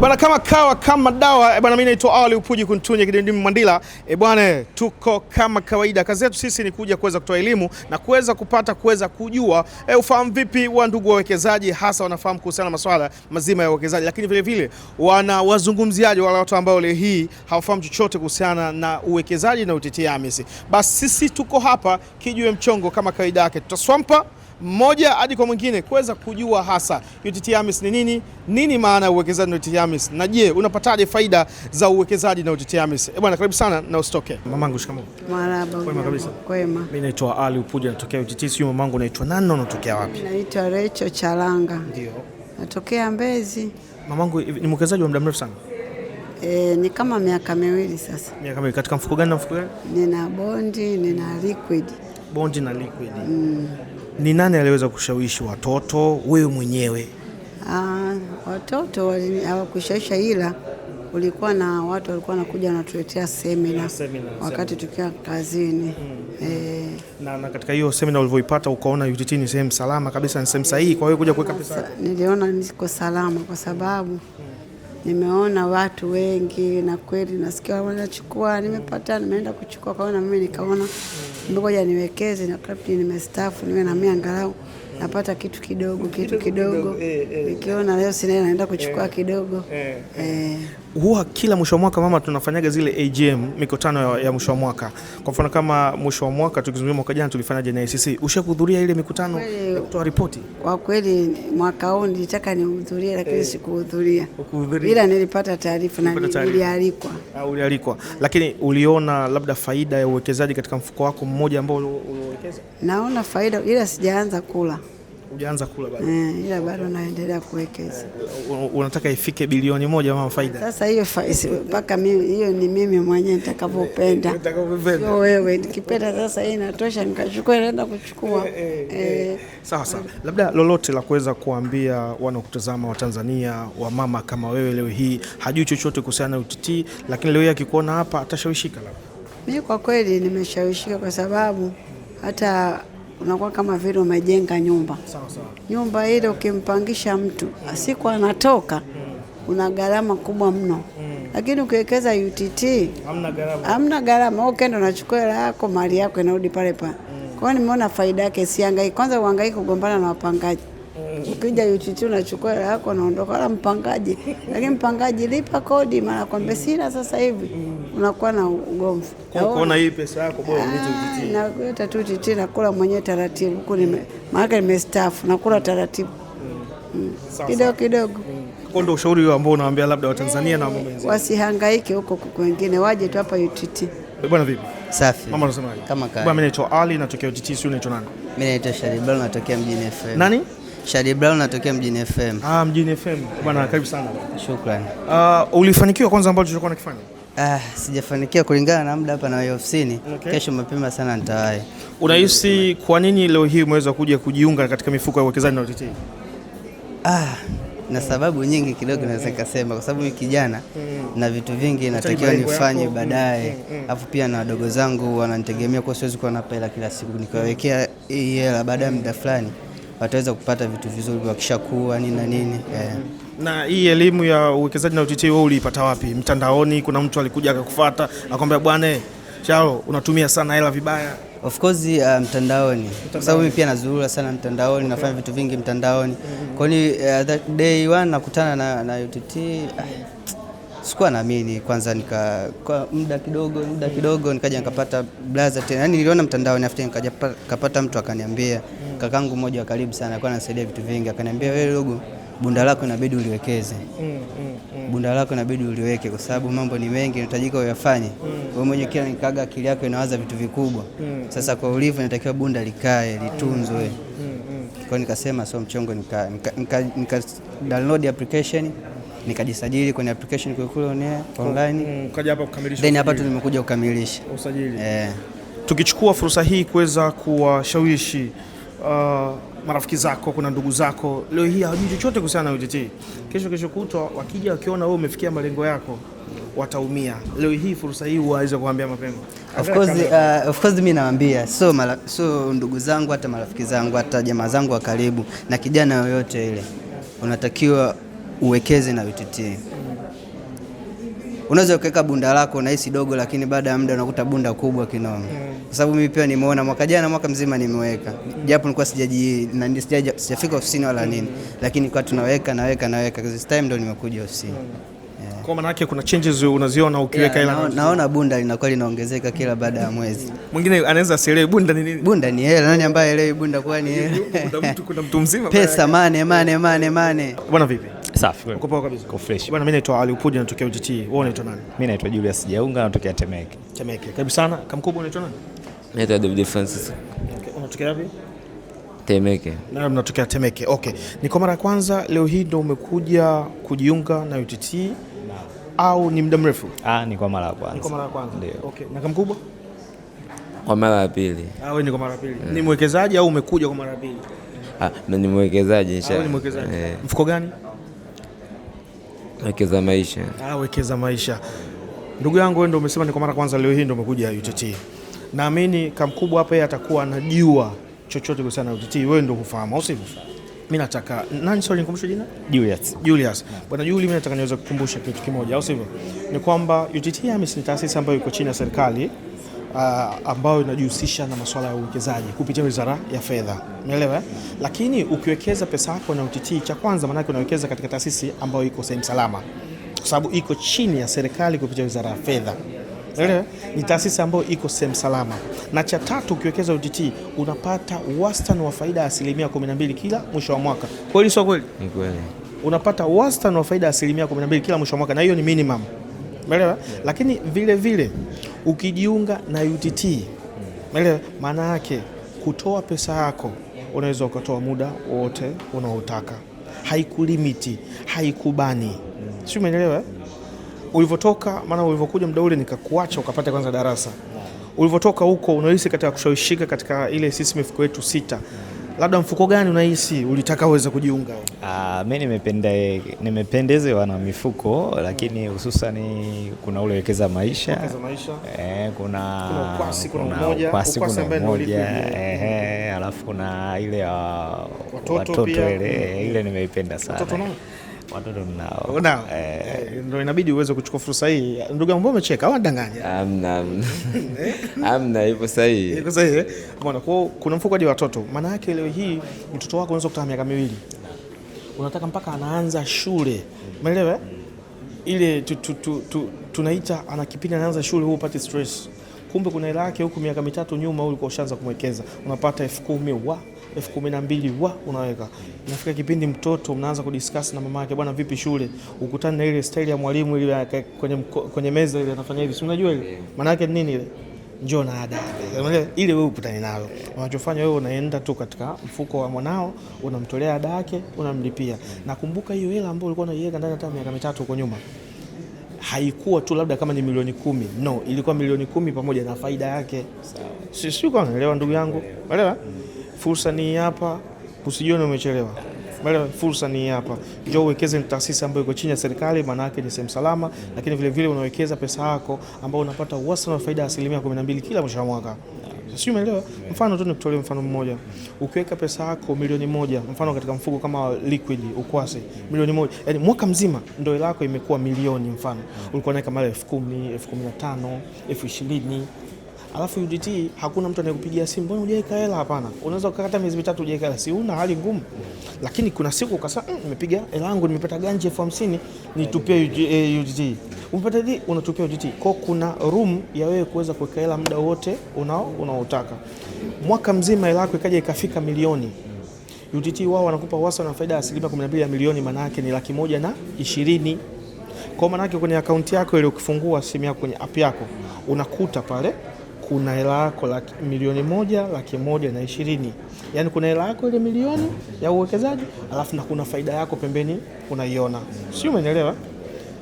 E bwana, kama kawa kama dawa. E bwana, mimi naitwa Ali Upuji Kuntunye Kidimdimu Mandila. E bwana, tuko kama kawaida, kazi yetu sisi ni kuja kuweza kutoa elimu na kuweza kupata kuweza kujua e, ufahamu vipi wa ndugu wawekezaji, hasa wanafahamu kuhusiana na masuala mazima ya uwekezaji, lakini vile vile wana wazungumziaji wale watu ambao leo hii hawafahamu chochote kuhusiana na uwekezaji na UTT AMIS. Basi sisi tuko hapa, kijue mchongo kama kawaida yake, tutaswampa mmoja hadi kwa mwingine kuweza kujua hasa UTT AMIS ni nini, nini maana ya uwekezaji na UTT AMIS na je, unapataje faida za uwekezaji na UTT AMIS? Eh, bwana karibu sana na usitoke. Mamangu, shikamoo. Marhaba. Kwema kabisa. Kwema. Mimi naitwa Ali Upuja natokea UTT. Sio mamangu, naitwa nani na unatokea wapi? Naitwa Recho Chalanga. Ndio. Natokea Mbezi. Mamangu ni mwekezaji wa muda mrefu sana. E, ni kama miaka miwili sasa. Miaka miwili. Katika mfuko gani na mfuko gani? Nina bondi, nina liquid. Bondi na liquid. Mm. Ni nani aliweza kushawishi watoto, wewe mwenyewe? Aa, ah, watoto hawakushawisha, ila kulikuwa na watu walikuwa wanakuja wanatuletea semina, semina wakati tukiwa kazini mm. E, na, na katika hiyo semina ulivyoipata ukaona UTT ni sehemu salama kabisa, ni sehemu sahihi kwa wewe kuja kuweka pesa? Niliona niko salama kwa sababu mm. nimeona watu wengi na kweli nasikia wanachukua, nimepata, nimeenda kuchukua, kaona mimi nikaona ngoja niwekeze na nimestaafu niwe na mimi angalau napata kitu kidogo kitu kidogo, eh, eh. nikiona leo sina naenda kuchukua eh, kidogo. Huwa kila mwisho wa mwaka mama, tunafanyaga zile AGM mikutano ya mwisho wa mwaka. Kwa mfano kama mwisho wa mwaka tukizungumzia mwaka jana tulifanyaje na ICC, ushakuhudhuria ile mikutano ya kutoa ripoti? Kwa kweli mwaka huu nilitaka nihudhurie, lakini sikuhudhuria, ila nilipata taarifa na nilialikwa. Ah, ulialikwa, lakini uliona labda faida ya uwekezaji katika mfuko wako mmoja ambao kuongeza? Naona faida, ila sijaanza kula. Hujaanza kula bado? Eh, ila bado naendelea kuwekeza. Unataka ifike bilioni moja mama faida? Sasa hiyo mpaka mimi, hiyo ni mimi mwenyewe nitakavyopenda, sio wewe. Nikipenda sasa hii inatosha, nikachukua naenda kuchukua. Eh, eh, eh. eh, sawa sawa. Labda lolote la kuweza kuambia wanaokutazama wa Tanzania, wa mama kama wewe, leo hii hajui chochote kuhusiana na UTT, lakini leo hii akikuona hapa atashawishika labda? Mimi kwa kweli nimeshawishika kwa sababu hata unakuwa kama vile umejenga nyumba sawa sawa. Nyumba ile ukimpangisha mtu siku anatoka una gharama kubwa mno, mm. lakini ukiwekeza UTT hamna gharama. Ukenda unachukua hela yako, mali yako inarudi pale pale. Mm. Kwa hiyo nimeona faida yake, siangai kwanza, uhangaike kugombana na wapangaji Ukija UTT unachukua hela yako unaondoka, wala mpangaji. Lakini mpangaji lipa kodi, mara kwambe sina sasa hivi, unakuwa na ugomvi. Kuona hii pesa yako bora UTT. Na kuleta tu UTT ah, nakula mwenyewe taratibu, huku maana nimestaafu, nakula taratibu hmm. Hmm. kidogo kidogo. Ndio ushauri ambao unawaambia labda Watanzania na wasihangaike huko wengine, waje tu hapa UTT. Eh, bwana vipi? Safi. Mama unasemaje? Kama kawaida. Bwana mimi naitwa Ali natokea UTT, sio unaitwa nani? Mimi naitwa Sharibal natokea mjini FM. Nani? Shadi Brown natokea Mjini FM. Ah, Mjini FM. Bwana karibu sana. Shukrani. Uh, ulifanikiwa kwanza ambacho tulikuwa nakifanya? Ah, sijafanikiwa kulingana na muda hapa na ofisini. Okay. Kesho mapema sana nitawahi. Unahisi kwa nini leo hii umeweza kuja kujiunga katika mifuko ya uwekezaji na UTT? Ah, na sababu nyingi kidogo naweza kusema kwa sababu wiki jana mm. na vitu vingi natakiwa nifanye mm, baadaye, mm, alafu pia na wadogo zangu wanantegemea kwa siwezi kuwa napela kila siku nikiwawekea hii hela baada ya muda fulani wataweza kupata vitu vizuri wakishakuwa nini na nini yeah. Na hii elimu ya uwekezaji na UTT wewe uliipata wapi? Mtandaoni? Kuna mtu alikuja akakufuata akamwambia bwana eh, Chao, unatumia sana hela vibaya? Of course uh, mtandaoni, kwa sababu mimi pia nazurura sana mtandaoni okay. Nafanya vitu vingi mtandaoni mm -hmm. Kwa hiyo uh, day one nakutana na, na UTT ah sikuwa naamini kwanza, nika kwa muda kidogo muda kidogo nikaja nikapata blaza tena, yani niliona mtandaoni, afuta kapata mtu akaniambia, kakangu mmoja wa karibu sana alikuwa anasaidia vitu vingi, akaniambia wewe dogo, bunda lako inabidi uliwekeze, bunda lako inabidi uliweke, kwa sababu mambo ni mengi unahitajika uyafanye wewe mwenyewe. Kila nikaga akili yako inawaza vitu vikubwa. Sasa kwa ulivu inatakiwa bunda likae litunzwe. Kwa nikasema so mchongo, nika, nika, nika, nika download application nikajisajili kwenye application Kulikuli kule online. Okay. Mm, ukaja hapa kukamilisha, then hapa tumekuja kukamilisha usajili eh. Tukichukua fursa hii kuweza kuwashawishi uh, marafiki zako, kuna ndugu zako leo hii hawajui chochote kuhusiana na UTT, kesho kesho kutwa wakija wakiona wewe umefikia malengo yako wataumia. Leo hii fursa hii waweze kuambia mapema. Of course, uh, of course mimi nawaambia so, so ndugu zangu hata marafiki zangu hata jamaa zangu wa karibu na kijana yoyote ile unatakiwa uwekeze na UTT. Unaweza ukaweka bunda lako na hisi dogo, lakini baada ya muda unakuta bunda kubwa kinoma, kwa sababu mimi pia nimeona mwaka jana, mwaka mzima nimeweka, japo nilikuwa sijaji na sijafika ofisini wala nini, lakini kwa tunaweka naweka naweka, this time ndo nimekuja ofisini Kwa maana yake kuna changes unaziona ukiweka hela yeah, na, naona bunda linakuwa linaongezeka kila baada ya mwezi. Mwingine anaweza asielewe bunda ni nini. Bunda ni hela, nani ambaye elewi bunda kwa ni hela? Kuna mtu mzima pesa, mane mane mane mane. Bwana vipi? Safi. Uko poa kabisa. Uko fresh. Bwana mimi naitwa Ali Upudi natokea UTT. Wewe unaitwa nani? Mimi naitwa Julius Jaunga natokea Temeke. Temeke. Karibu sana. Kamkubwa unaitwa nani? Naitwa David Francis. Okay. Unatokea wapi? Temeke. Na mnatokea Temeke. Okay. Ni kwa mara ya kwanza leo hii ndio umekuja kujiunga na UTT Naam. au ni muda mrefu? Ah, ni kwa mara ya kwanza. Ni kwa mara ya kwanza. Ndio. Okay. Na kamkubwa? Kwa mara ya pili. Ah, wewe ni kwa mara ya pili. Mm. Ni mwekezaji au umekuja kwa mara ya pili? Ah, na ni mwekezaji ah, inshallah. Ni mwekezaji. Eh. Mfuko gani? Wekeza Maisha. Ah, Wekeza Maisha. Ndugu yangu wewe ndio umesema ni kwa mara kwanza leo hii ndio umekuja UTT. Naamini kamkubwa hapa yeye atakuwa anajua chochote kuhusiana na UTT. Wewe ndio hufahamu au sivyo? Mimi nataka nani, sorry, nikumbushe jina? Julius. Julius. Bwana Julius, mimi nataka niweze kukumbusha kitu kimoja au sivyo? Ni kwamba UTT AMIS ni taasisi ambayo iko chini ya serikali uh, ambayo inajihusisha na masuala ya uwekezaji kupitia Wizara ya Fedha, umeelewa? Eh? Lakini ukiwekeza pesa yako na UTT, cha kwanza maanake unawekeza katika taasisi ambayo iko sehemu salama, kwa sababu iko chini ya serikali kupitia Wizara ya Fedha. Unaelewa? Eh? Ni taasisi ambayo iko sehemu salama. Na cha tatu ukiwekeza UTT unapata wastani wa faida ya asilimia 12 kila mwisho wa mwaka. Kweli sio kweli? Ni kweli. Unapata wastani wa faida ya asilimia 12 kila mwisho wa mwaka na hiyo ni minimum umeelewa? Lakini vile vile ukijiunga na UTT, umeelewa? Maana yake kutoa pesa yako unaweza ukatoa muda wote unaotaka, haikulimiti, haikubani, si umeelewa? Ulivyotoka maana ulivyokuja muda ule nikakuacha ukapata kwanza darasa, ulivyotoka huko unahisi katika kushawishika katika ile sisi mifuko yetu sita labda mfuko gani unahisi ulitaka uweze kujiunga? Ah, mimi nimependa nimependezewa na mifuko lakini hususani kuna ule wekeza maisha, wekeza maisha. Eh, kuna kuna kwasi kuna umoja, eh, eh, alafu kuna ile ya watoto, watoto ile ile nimeipenda sana. Watoto watoto mnao nao, eh. eh. eh, ndio inabidi uweze kuchukua fursa hii. Ndugu yangu, umecheka au unadanganya? Amna. Amna ipo sahihi, ipo sahihi. Bwana, kwa kuna mfuko wa watoto, maana yake leo hii mtoto wako anaweza kutaka miaka miwili, unataka mpaka anaanza shule, umeelewa? Ile tu, tu, tu, tu, tunaita ana kipindi anaanza shule, huo upate stress. Kumbe kuna hela yake huku, miaka mitatu nyuma ulikuwa ushaanza kumwekeza, unapata elfu kumi wa elfu kumi na mbili wa unaweka. Inafika kipindi mtoto mnaanza kudiscuss na mama yake, bwana vipi shule, ukutane na ile style ya mwalimu ile kwenye, kwenye meza ile anafanya hivi, si unajua ile maana yake nini ile njoo na ada ile, wewe ukutane nayo. Unachofanya wewe unaenda tu katika mfuko wa mwanao unamtolea ada yake unamlipia. Nakumbuka hiyo hela ambayo ulikuwa unaiweka ndani hata miaka mitatu huko nyuma haikuwa tu labda kama ni milioni kumi, no, ilikuwa milioni kumi pamoja na faida yake. Sawa, Sisi unaelewa ndugu yangu, unaelewa? Mm. Fursa ni hapa, usijione umechelewa. Mbele fursa ni hapa. Njoo uwekeze ni taasisi ambayo iko chini ya serikali, maana yake ni sehemu salama, lakini vile vile unawekeza pesa yako ambayo unapata wastani wa faida ya asilimia 12 kila mwisho wa mwaka. Sio, umeelewa? Mfano tu nikutolee mfano mmoja. Ukiweka pesa yako milioni moja, mfano katika mfuko kama liquid ukwase milioni moja, yani mwaka mzima ndio hela yako imekuwa milioni. Mfano ulikuwa naye mara 10,000, kumi, elfu kumi na alafu UDT hakuna mtu anayekupigia simu, mbona hujaweka hela? Hapana, unaweza ukakata miezi mitatu hujaweka hela, si una hali ngumu. Lakini kuna siku ukasema mm, nimepiga hela yangu, nimepata ganji elfu hamsini nitupie UDT, eh, umepata hii, unatupia UDT. Kwa kuna room ya wewe kuweza kuweka hela muda wote unao unaotaka. Mwaka mzima hela yako ikaja ikafika milioni UDT, wao wanakupa wasa na faida ya asilimia 12 ya milioni, maana yake ni laki moja na ishirini kwa maana yake kwenye akaunti yako ile, ukifungua simu yako kwenye app yako unakuta pale kuna hela yako laki, milioni moja laki moja na ishirini yani kuna hela yako ile milioni ya uwekezaji alafu na kuna faida yako pembeni unaiona, si Umeelewa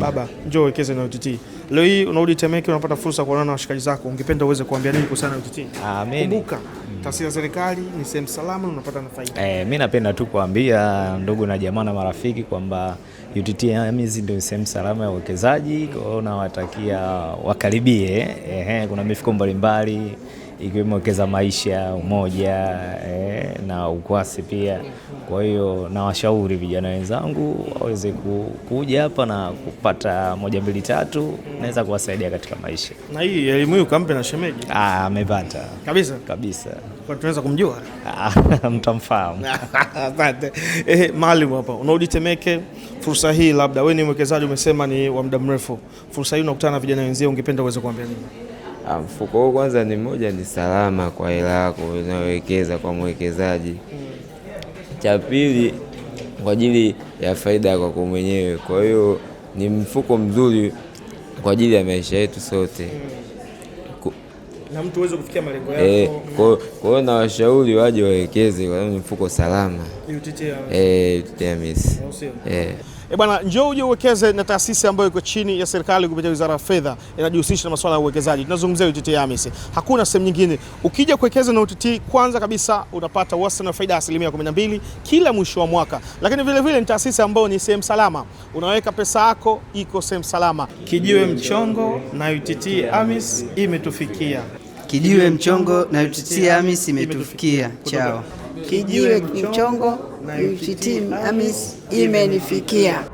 baba? Njoo wekeze na UTT. Leo hii unarudi Temeke, unapata fursa kuonana na washikaji zako, ungependa uweze kuambia nini kuhusiana na UTT? Amen. Kumbuka taasisi ya serikali ni sehemu salama, unapata na faida. Eh, mimi napenda tu kuambia ndugu na jamaa na marafiki kwamba UTT AMIS ndio sehemu salama ya uwekezaji, kwa hiyo nawatakia wakaribie. Ehe, kuna mifuko mbalimbali ikiwemo Wekeza Maisha, Umoja eh, na Ukwasi pia. Kwa hiyo nawashauri vijana wenzangu waweze kuja hapa na kupata moja mbili tatu, naweza kuwasaidia katika maisha. Na hii elimu hii ukampe na shemeji, ah, amepata kabisa kabisa. Kwa tunaweza kumjua ah, mtamfahamu. Asante eh, Maalim hapa unarudi Temeke, fursa hii labda, wewe ni mwekezaji umesema ni wa muda mrefu, fursa hii unakutana na vijana wenzio, ungependa uweze kuambia nini? Ah, mfuko huo kwanza ni moja ni salama kwa hela yako unayowekeza kwa mwekezaji. Cha pili kwa ajili ya faida ya kwako mwenyewe. Kwa hiyo ni mfuko mzuri kwa ajili ya maisha yetu sote na mtu uweze kufikia malengo eh, yako. kwa hiyo na washauri waje wawekeze kwa sababu ni mfuko salama. UTT Amis. Eh. E bwana, njoo uje uwekeze na taasisi ambayo iko chini ya serikali kupitia Wizara ya Fedha inajihusisha na masuala ya uwekezaji. Tunazungumzia UTT AMIS. Hakuna sehemu nyingine. Ukija kuwekeza na UTT, kwanza kabisa unapata wastani wa faida asilimia 12 kila mwisho wa mwaka, lakini vile vile ni taasisi ambayo ni sehemu salama, unaweka pesa yako iko sehemu salama. Kijiwe mchongo na UTT AMIS imetufikia. Kijiwe mchongo na UTT AMIS imetufikia. Chao. Kijiwe mchongo UTT AMIS imenifikia.